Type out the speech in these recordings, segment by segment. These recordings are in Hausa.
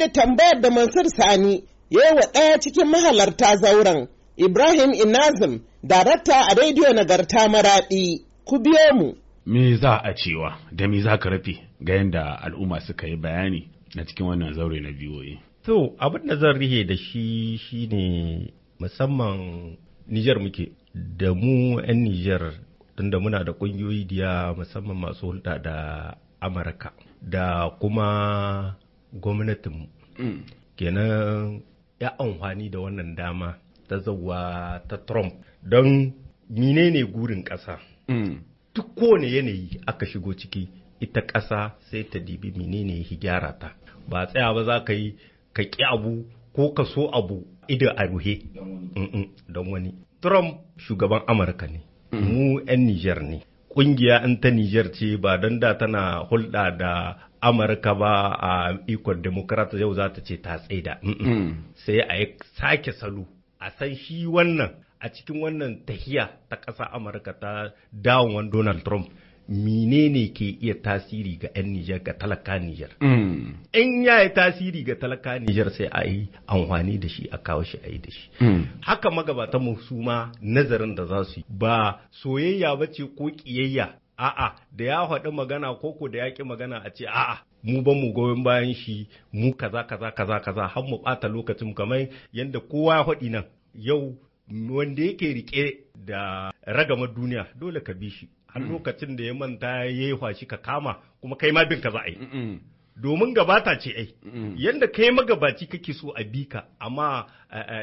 da tambayar da Mansur Sani ya yi wa ɗaya cikin mahalarta zauren Ibrahim Inazim, darakta a rediyo nagarta maraɗi. Ku biyo mu. Me za a cewa da me za ka rafi ga yadda al'umma suka yi bayani na cikin wannan zaure na biyoyi. To, abin da zan rihe da shi shine musamman Nijar muke da mu 'yan Nijar tunda muna da ƙungiyoyi diya musamman masu hulɗa da Amurka da kuma gwamnatinmu. kenan ya amfani da wannan dama ta zauwa ta trump don ne gurin ƙasa mm. duk kowane yanayi aka shigo ciki ita ƙasa sai ta dibi menene ya gyara ta ba tsaya ba za ka yi ka ƙi abu ko ka so abu ido a ruhe don wani trump shugaban amurka ne mm. mu 'yan niger ne ƙungiya 'yan ta niger ce ba don da tana hulɗa da amurka ba a ikon demokrat yau za ta ce ta tsaida mm. sai a yi sake salo a san shi wannan a cikin wannan tahiya ta ƙasa amurka ta dawon donald trump menene ke iya tasiri ga 'yan Nijar ga talaka Nijar. Mm. In ya yi tasiri ga talaka Nijar sai a yi amfani da shi a kawo shi a yi da shi. Mm. Haka magabatan mu su nazarin da za su yi ba soyayya ba ce ko ƙiyayya a'a da ya faɗi magana ko da ya ƙi magana a ce a'a mu ban mu goyon bayan shi mu kaza kaza kaza kaza har mu ɓata lokacin kamar yadda kowa ya faɗi nan yau wanda yake riƙe da ragamar duniya dole ka bi shi har mm. lokacin da ya manta ya yi shi ka kama kuma kai ma bin ka za a yi domin gabata ce ai yanda kai magabaci kake so a bika amma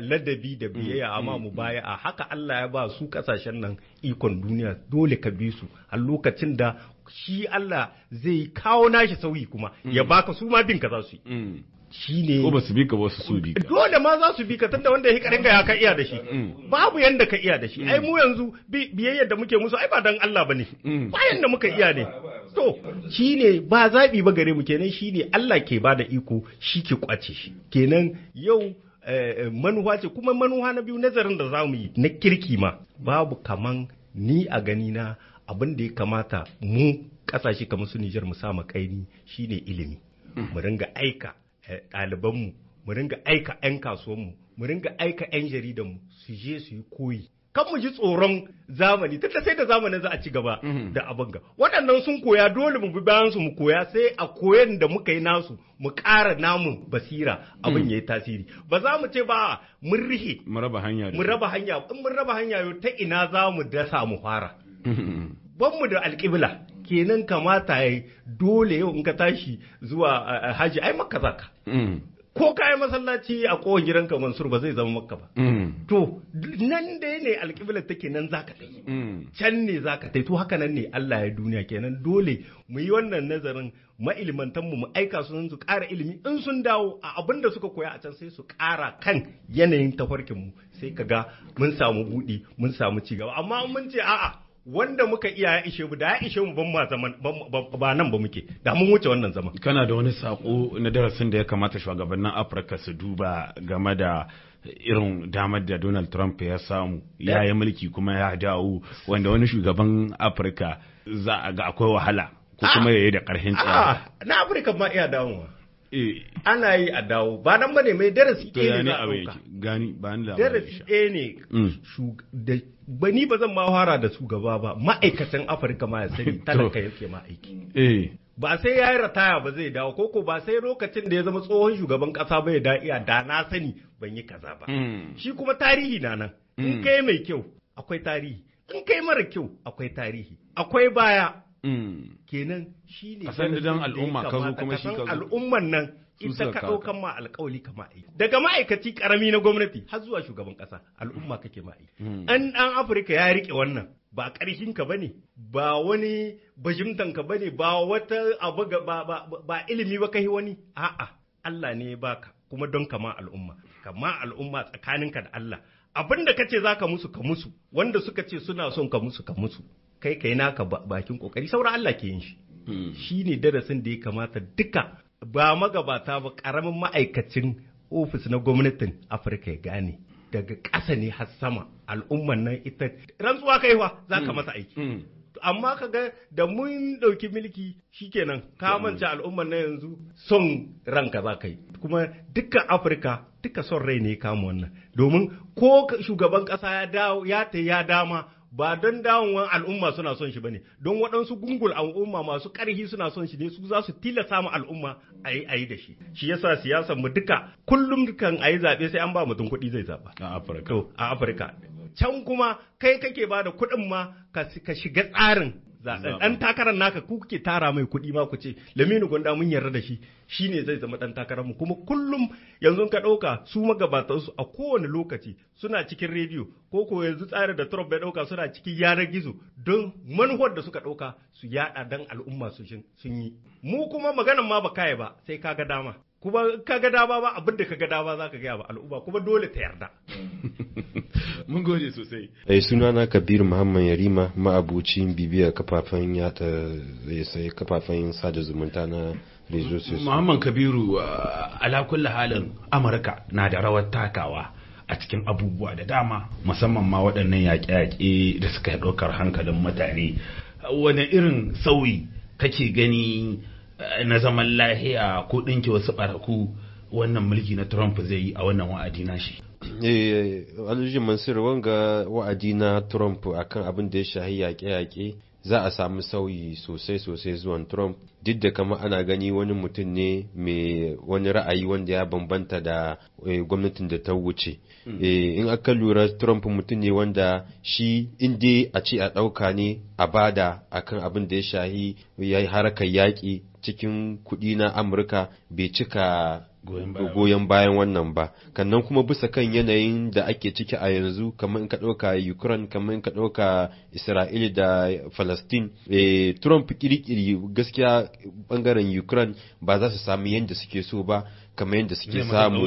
ladabi da biyayya amma mu baya a haka Allah ya ba su kasashen nan ikon duniya dole ka bi su a lokacin da shi Allah zai kawo nashi sauyi kuma ya mm. baka su ma bin ka za su yi mm. shi ne ko ba su bi ka ba su bi ka dole ma za su bi ka tunda wanda ya hikarin ka ya ka iya da shi mm. babu yanda ka iya da shi ai mu yanzu biyayya da muke musu ai ba dan Allah bane ba yanda muka iya ne to shi ne ba zaɓi ba gare mu kenan shi ne Allah ke ba da iko shi ke kwace shi kenan yau eh, manuwa ce kuma manuwa na biyu nazarin da za mu yi na kirki ma babu kaman ni a ganina abin da ya kamata mu kasashe kamar su Nijar mu sa kaini shine ilimi hmm. mu ringa aika eh, ɗaliban mu mu ringa aika 'yan kasuwan mu mu ringa aika 'yan mu su je su yi koyi kan mu ji tsoron zamani tunda sai da zamanin za a ci gaba hmm. da abin ga waɗannan sun koya dole mu bi bayan su mu koya sai a koyan da muka yi nasu mu ƙara namun basira abin hmm. ya yi tasiri ba za mu ce ba mun rihe mu raba hanya in mun raba hanya ta ina za mu dasa mu fara banmu da alƙibla kenan kamata ya dole yau in ka tashi zuwa eh, haji ai makka zaka mm. ko ka yi masallaci a kowane gidanka mansur ba zai zama makka ba mm. to nan dai ne ta take nan zaka ta mm. can ne zaka ta to haka nan ne Allah ya duniya kenan dole mu yi wannan nazarin ma'ilmantan mu aika su su ƙara ilimi in sun dawo a abin da suka koya a can sai su ƙara kan yanayin tafarkin mu sai ga mun samu buɗi mun samu ci gaba amma mun ce a'a wanda muka iya ya ishe mu da ya ishe mu ban ma zaman ba nan ba muke da mun wuce wannan zaman kana da wani sako na darasin da ya kamata shugabannin Afirka su duba game da irin damar da Donald Trump ya samu ya yi mulki kuma ya dawo wanda wani shugaban Afirka za a ga akwai wahala ko kuma ah! yayi da karhin tsaya ah! na Afirka ma iya dawowa Eh, ana yi a dawo ba nan bane mai darasi ɗaya ne ga a gani ba ni darasi ɗaya ne mm. ba ni ba zan ma fara da su gaba ba ma'aikatan afirka ma ya sani talaka yake ma aiki eh. ba sai ya yi rataya ba zai dawo koko ba sai lokacin da ya zama tsohon shugaban kasa bai da iya da na sani ban yi kaza ba mm. shi kuma tarihi na nan in mm. kai mai kyau akwai tarihi in kai mara kyau akwai tarihi akwai baya Mm. kenan shi ne sanadidan al'umma ka zo kuma shi ka zo al'umman nan ita ka ɗaukan ma alƙawali ka daga ma'aikaci ƙarami na gwamnati har zuwa shugaban ƙasa al'umma kake ma'aikaci. Mm. an ɗan afirka ya riƙe wannan ba ƙarshen ka bane ba wani bajimtan ka bane ba wata abu ba, ba, ilimi ba kai wani a'a Allah ne ya baka kuma don kama al'umma kama al'umma tsakaninka da Allah abinda kace zaka musu ka musu wanda suka ce suna son ka musu ka musu kai kai naka bakin kokari saura Allah ke yin shi hmm. shi ne darasin da ya kamata duka ba magabata ba karamin ma'aikacin ofis na gwamnatin afirka ya gane daga ƙasa ne har sama al'umman nan ita rantsuwa kaiwa za ka hmm. masa aiki hmm. amma ka ga da mun ɗauki mulki shikenan ka manta al'umman nan yanzu son ranka za ka kuma dukkan afirka duka son rai ne kama wannan domin ko shugaban kasa ya dawo ya ta ya dama ba don dawowan al'umma suna son shi bane don waɗansu gungul al'umma masu ƙarfi suna son shi ne su za su tilasta mu al'umma a yi ayi da shi shi yasa siyasar mu duka kullum kan a yi zaɓe sai an ba mutum kuɗi zai zaɓa a Afirka a Afirka can kuma kai kake ba da kuɗin ma ka shiga tsarin dan takarar naka ku kuke tara mai kuɗi ma ku ce Laminu Gonda mun yarda da shi shine zai zama dan takarar mu kuma kullum yanzu ka ɗauka su magabatan su a kowane lokaci suna cikin rediyo ko ko yanzu tsari da Trump ya ɗauka suna cikin yanar gizo don manufar da suka ɗauka su yada dan al'umma su sun yi mu kuma maganan ma ba yi ba sai kaga dama kuma ga dama ba abinda ga dama zaka ka gaya wa al'umma kuma dole ta yarda mun gode sosai eh sunana kabir muhammad yarima ma'abucin bibiya kafafen ta eh, sai kafafen sada zumunta na resources muhammad kabiru ah, ala kulli halin amurka na da rawar takawa a cikin abubuwa da dama musamman ma waɗannan yaƙe-yaƙe da suka ɗaukar hankalin mutane wani irin sauyi kake gani na zaman lahiya ko ɗinke wasu ɓaraku wannan mulki na Trump zai yi a wannan wa'adi na shi. Eh, eh, eh, Alhaji Mansur wanga wa'adi na Trump akan abin da ya shahi yaƙe-yaƙe za a samu sauyi sosai-sosai zuwan Trump duk da kama ana gani wani mutum ne mai wani ra'ayi wanda ya bambanta da gwamnatin da ta wuce. Hmm. In aka lura Trump mutum ne wanda shi inda a ce a ɗauka ne a bada akan abin da ya shahi ya yaƙi cikin kuɗi na amurka bai cika goyon bayan wannan ba kannan kuma bisa kan yanayin da ake ciki a yanzu kamar in ka ɗauka ukraine kamar in ka ɗauka isra'ila da palestine e, eh, trump kirkiri gaskiya bangaren ukraine ba za su sami yadda suke so ba kamar yadda suke samu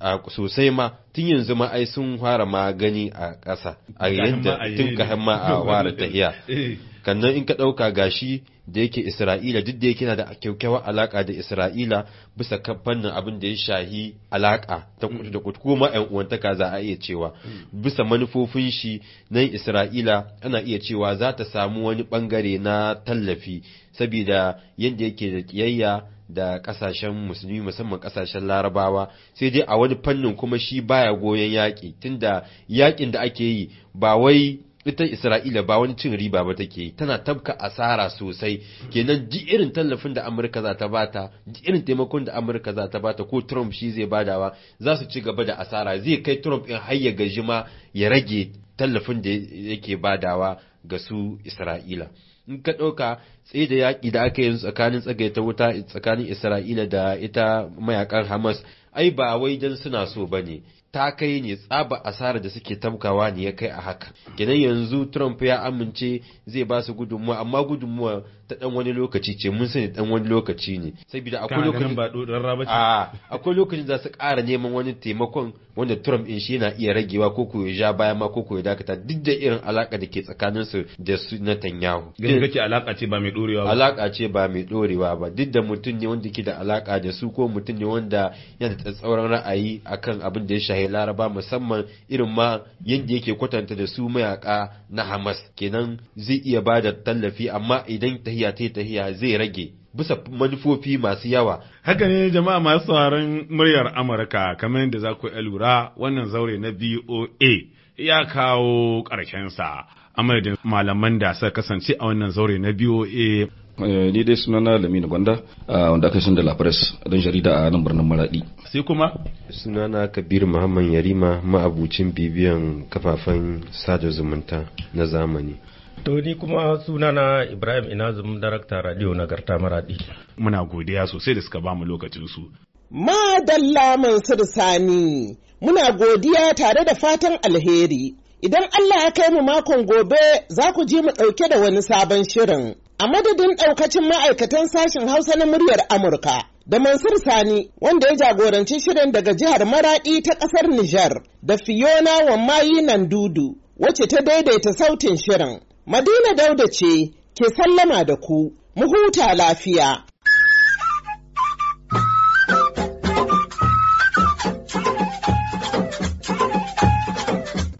a sosai ma tun yanzu ma ai sun fara ma gani a ƙasa a yadda tun ka ma a fara tahiya eh. kannan in ka ɗauka gashi da yake isra'ila duk da yake na da kyakkyawar alaƙa da isra'ila bisa kan fannin abin da ya shahi alaƙa ta kudu da kudu kuma yan uwantaka za a iya cewa mm. bisa manufofin shi na isra'ila ana iya cewa za ta samu wani ɓangare na tallafi saboda yadda yake da ƙiyayya da ƙasashen musulmi musamman ƙasashen larabawa sai dai a wani fannin kuma shi baya goyon yaƙi tunda yaƙin da ake yi ba wai ita Isra'ila ba wani cin riba ba take tana tabka asara sosai kenan ji irin tallafin da Amurka za ta bata ji irin taimakon da Amurka za ta bata ko Trump shi zai badawa za su ci gaba da asara zai kai Trump in har ya gaji ma ya rage tallafin da yake badawa ga su Isra'ila in ka ɗauka tsaye da yaƙi da aka yi tsakanin tsagaita wuta tsakanin Isra'ila da ita mayakan Hamas ai ba wai dan suna so ba ne. ta kai ne tsaba asarar da suke tabkawa ne ya kai a haka gidan yanzu trump ya amince zai ba su gudunmuwa amma gudunmuwa ta dan wani lokaci ce mun sani dan wani lokaci ne saboda akwai lokacin ba dorarra raba ce akwai lokacin za su ƙara neman wani taimakon wanda Trump din shi yana iya ragewa ko ko ya ja baya ma ko ko ya dakata duk da irin alaka da ke tsakanin su da su Tanyahu gani kake alaka ce ba mai dorewa ba alaka ce ba mai dorewa ba duk da mutum ne wanda ke da alaka da su ko mutum ne wanda yana da tsatsauran ra'ayi akan abin da ya shahi Laraba musamman irin ma yanda yake kwatanta da su mayaka na Hamas kenan zai iya bada tallafi amma idan ta tahiya ta tahiya zai rage bisa manufofi masu yawa. Haka ne jama'a masu sauraron muryar Amurka kamar yadda za ku lura wannan zaure na BOA ya kawo ƙarshensa. Amadadin malaman da suka kasance a wannan zaure na BOA. Eh, ni dai sunana Lamini Gwanda ah, wanda aka da La Press don jarida a nan birnin Maradi. Sai kuma? Sunana Kabir Muhammad Yarima ma'abucin bibiyan kafafen sada zumunta na zamani. To ni kuma sunana Ibrahim Inazum darakta radio Garta maradi. Muna godiya sosai da suka bamu lokacinsu. Madalla Mansur Sani, muna godiya tare da fatan alheri. Idan Allah ya kai mu makon gobe za ku ji mu ɗauke da wani sabon shirin. A madadin ɗaukacin ma'aikatan sashen Hausa na muryar Amurka da Mansur Sani wanda ya jagoranci shirin daga jihar Maraɗi ta ƙasar Nijar da Fiona Wammayi Nandudu wacce ta daidaita sautin shirin. Madina Dauda ce ke sallama da ku, mu huta lafiya.